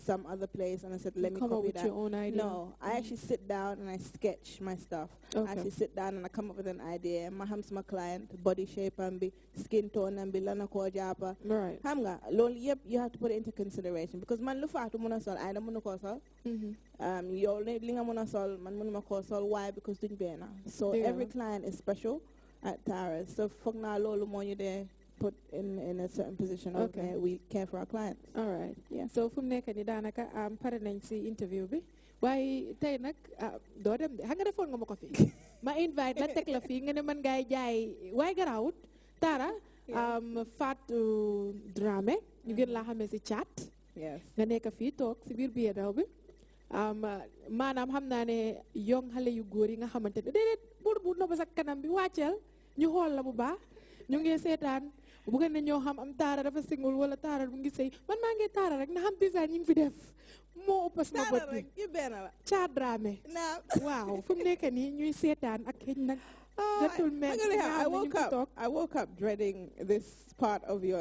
some other place and I said, let you me come copy up with that. your own idea. No, I mm. actually sit down and I sketch my stuff. Okay. I actually sit down and I come up with an idea. My ham's my client, body shape and be skin tone and be lana kojapa. Right. Hamga, lol, yep, you have to put it into consideration because man lufa to muna I don't muna kosol. Mm-hmm. Um, only linga muna man muna Why? Because doing bena. So yeah. every client is special at Tara. So fuck na lolo mo you there put in, in a certain position okay. where we care for our clients. All right. Yeah. So from there, can you danaka um paranensi interview bi? Why tay nak ah, do dem hanga defon nga mako fi. Ma invite la tek la fi nga ne man gaay jaay way garawut tara um Fatou Dramé ñu gën la xamé ci chat. Yes. Nga nekk fi tok ci bir biir daw bi. Um, maanaam xam naa ne yoon xale yu góor yi nga xamante ne déedéet buur bu noba sa kanam bi wàcceel ñu xool la bu ba? ñu ngi seetaan bëgg nañoo xam am taara dafa single wala taara bu ngi sëy man maa ngi taara rek na xam design ñu ngi fi def moo ëpp sama bët bi caa drame waaw fu mu nekk nii ñuy seetaan ak xëy nag gentle ah, men I woke up I woke up dreading this part of your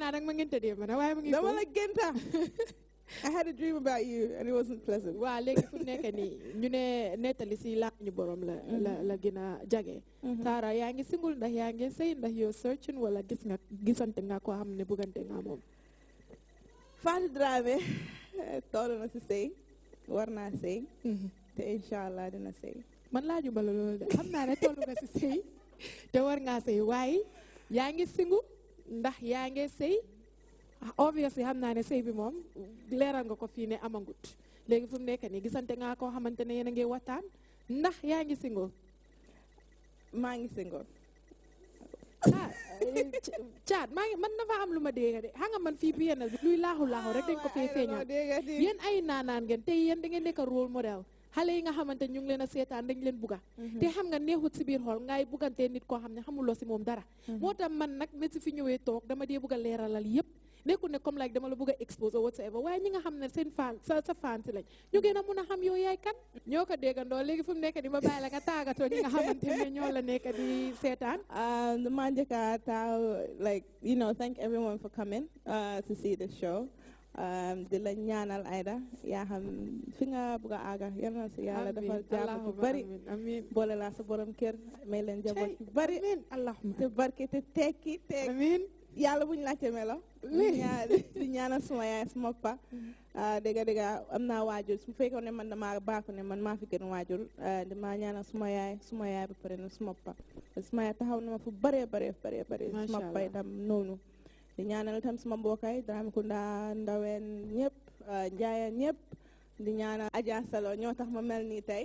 naa nag ma ngente dee ma waaye ma ngi dama la I had fu nekk nii ñu ne nettali si làmmiñu borom la mm-hmm. la la gën a jage mm-hmm. taara yaa ngi singul ndax yaa ngi sëy ndax yow searching wala gis nga gisante nga koo xam ne bëggante nga moom Fatou Dramé toll na si sëy war naa sëy mm-hmm. te incha allah dina sëy man laaju bala loolu de xam naa ne nga si sëy te war ngaa sëy waaye yaa ngi singu ndax yaa ngi sëy obviously xam naa ne sey bi moom leeral nga ko fii ne amangut léegi fu mu ni nii gisante nga koo xamante ne yéen a ngi waxtaan ndax yaa ngi single maa ngi single ah caat maa ngi man dafa am lu ma dégg de xam nga man fii PNL bi luy laaxu laaxu rek dañ ko fee feeñal yéen ay naanaan ngeen te yen da ngeen nekk role model xale yi nga xamante ñu ngi leen seetaan dañ leen bugga mhm. te xam nga neexut si biir xool ngay buggantee nit koo xam ne xamuloo si moom dara mhm. moo tax man nag ne si fi ñëwee toog dama dee bugg a leeralal yëpp nekkul ne comme like dama la bëgg a expose or waaye ñi nga xam ne seen fan sa sa fan si lañ ñu gën a mun a xam yow yaay kan ñoo ka déggandoo léegi fu mu nekk di ma bàyyi la nga taagatoo ñi nga xamante ne ñoo la nekk di seetaan dama um, njëkk a taaw like you know thank everyone for coming uh, to see the show um, di la ñaanal Aida yaa fi nga bëgg a àgga yal na si yàlla dafa jàmm bu bari boole laa sa borom kër may leen jaboot bu bari te barke te tekki tekki yàlla buñ di ñaanal suma yaay suma pa mm-hmm. ah, dégg dégg am naa waajur su fekkoon ne man damaa baaku ne man maa fi gën waajur ah, ma ñaanal suma yaay suma yaay ba pare suma pa suma yaay taxaw na ma fu bare bare bare bare suma pa itam noonu di ñaanal itam suma mbokkaay Dramé Kunda ndaween ñëpp ah, njaayeen ñëpp di ñaanal Adja ñoo tax ma mel nii tey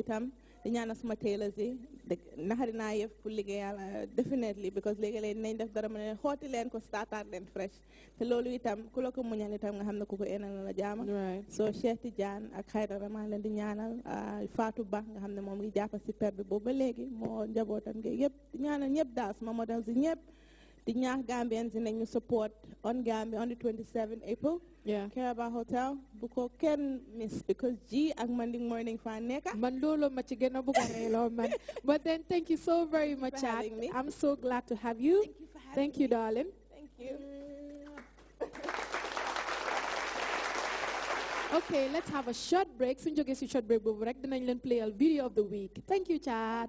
itam di ñaanal suma tailors yi naxari naa yëf pour liggéeyal definitely because léegi-léegi nañ def dara mu ne xooti leen ko startaat leen fresh te loolu itam ku la ko muñal itam nga xam ne ku ko eenal la jaama soo Cheikh Tidiane ak Haydara maa leen di ñaanal ah, Fatou Ba nga xam ne moom ngi jàppa si per bi boobu ba léegi moo njabootam gi yëpp di ñaanal ñëpp daal ma modèles si ñëpp The Nyah Gambians in you support on Gambia on the 27th April. Yeah. Caraba Hotel. Buko ken miss because G ang Monday morning fan neka. Mandolo machigeno bukarelo man. But then thank you so very much. I'm so glad to have you. Thank you for having Thank you, me. darling. Thank you. okay, let's have a short break. Soon you get your short break, but we're going to play a video of the week. Thank you, Chad.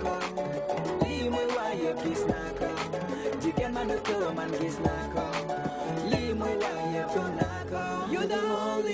gis naa ko jigéen ma nu tuuma man gis naa ko lii muy wax yëpp naa ko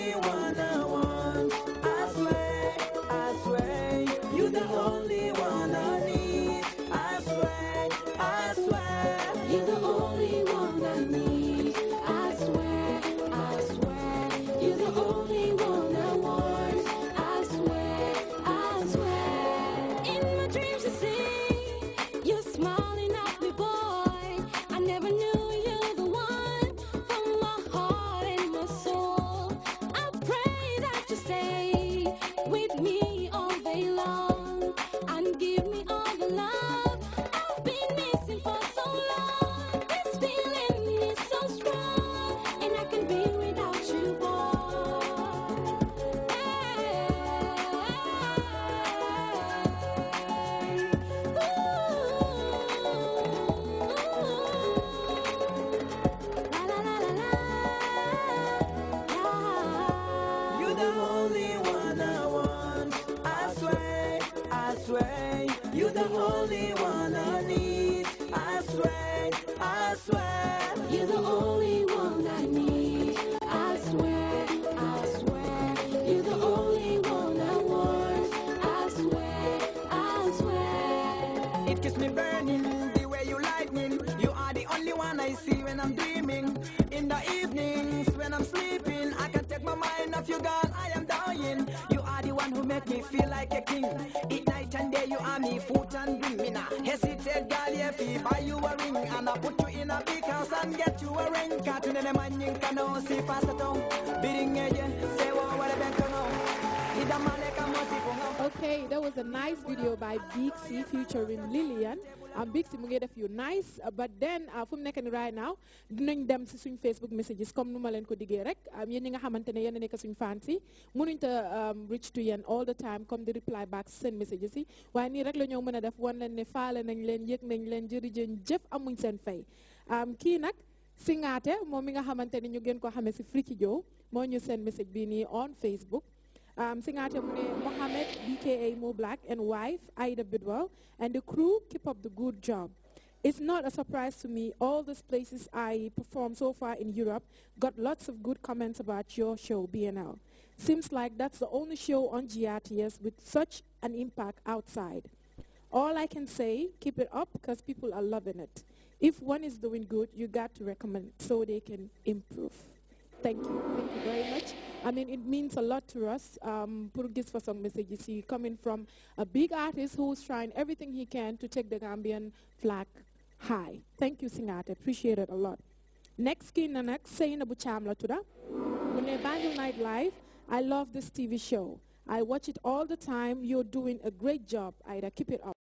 the only one I need. I swear, I swear, you're the only one I need. I swear, I swear, you're the only one I want. I swear, I swear. It keeps me burning the way you lightning. You are the only one I see when I'm dreaming. In the evenings when I'm sleeping, I can take my mind off you, girl. I am dying. You one who make me feel like a king. Eat night and day, you are me food and drink. Me nah hesitate, girl, if he buy you a ring, and I put you in a big house and get you a ring. Cartoon and a man you can know, see fast at home. Bidding agent, say what I've what a bank Okay, that was a nice video by Big C featuring Lillian. I'm Bix mu ngi def yu nice uh, but then uh, fu mu nekk ni right now dinañ dem si suñ Facebook messages comme nu ma leen ko diggee rek um, yéen ñi nga xamante ne yéen a nekk suñ fans yi mënuñ ta um, reach to yéen all the time comme di reply back seen messages yi waaye nii rek la ñoo mën a def wan leen ne faale nañ leen yëg nañ leen jërëjëf jëf amuñ seen fay um, kii nag Singaate moom mi nga xamante ni ñu gën koo xamee si Friki Jow moo ñu seen message bii nii on Facebook um, Singate Mune, Mohammed, BKA Mo Black, and wife, Aida Bidwell, and the crew keep up the good job. It's not a surprise to me. All these places I performed so far in Europe got lots of good comments about your show, BNL. Seems like that's the only show on GRTS with such an impact outside. All I can say, keep it up because people are loving it. If one is doing good, you got to recommend so they can improve. Thank you. Thank you very much. I mean, it means a lot to us. Um, Purugis for Message, see, coming from a big artist who's trying everything he can to take the Gambian flag high. Thank you, Singate. Appreciate it a lot. Next skin and saying Abu Chamla Tuda. When I Banjul Night Live, I love this TV show. I watch it all the time. You're doing a great job, Ida. Keep it up.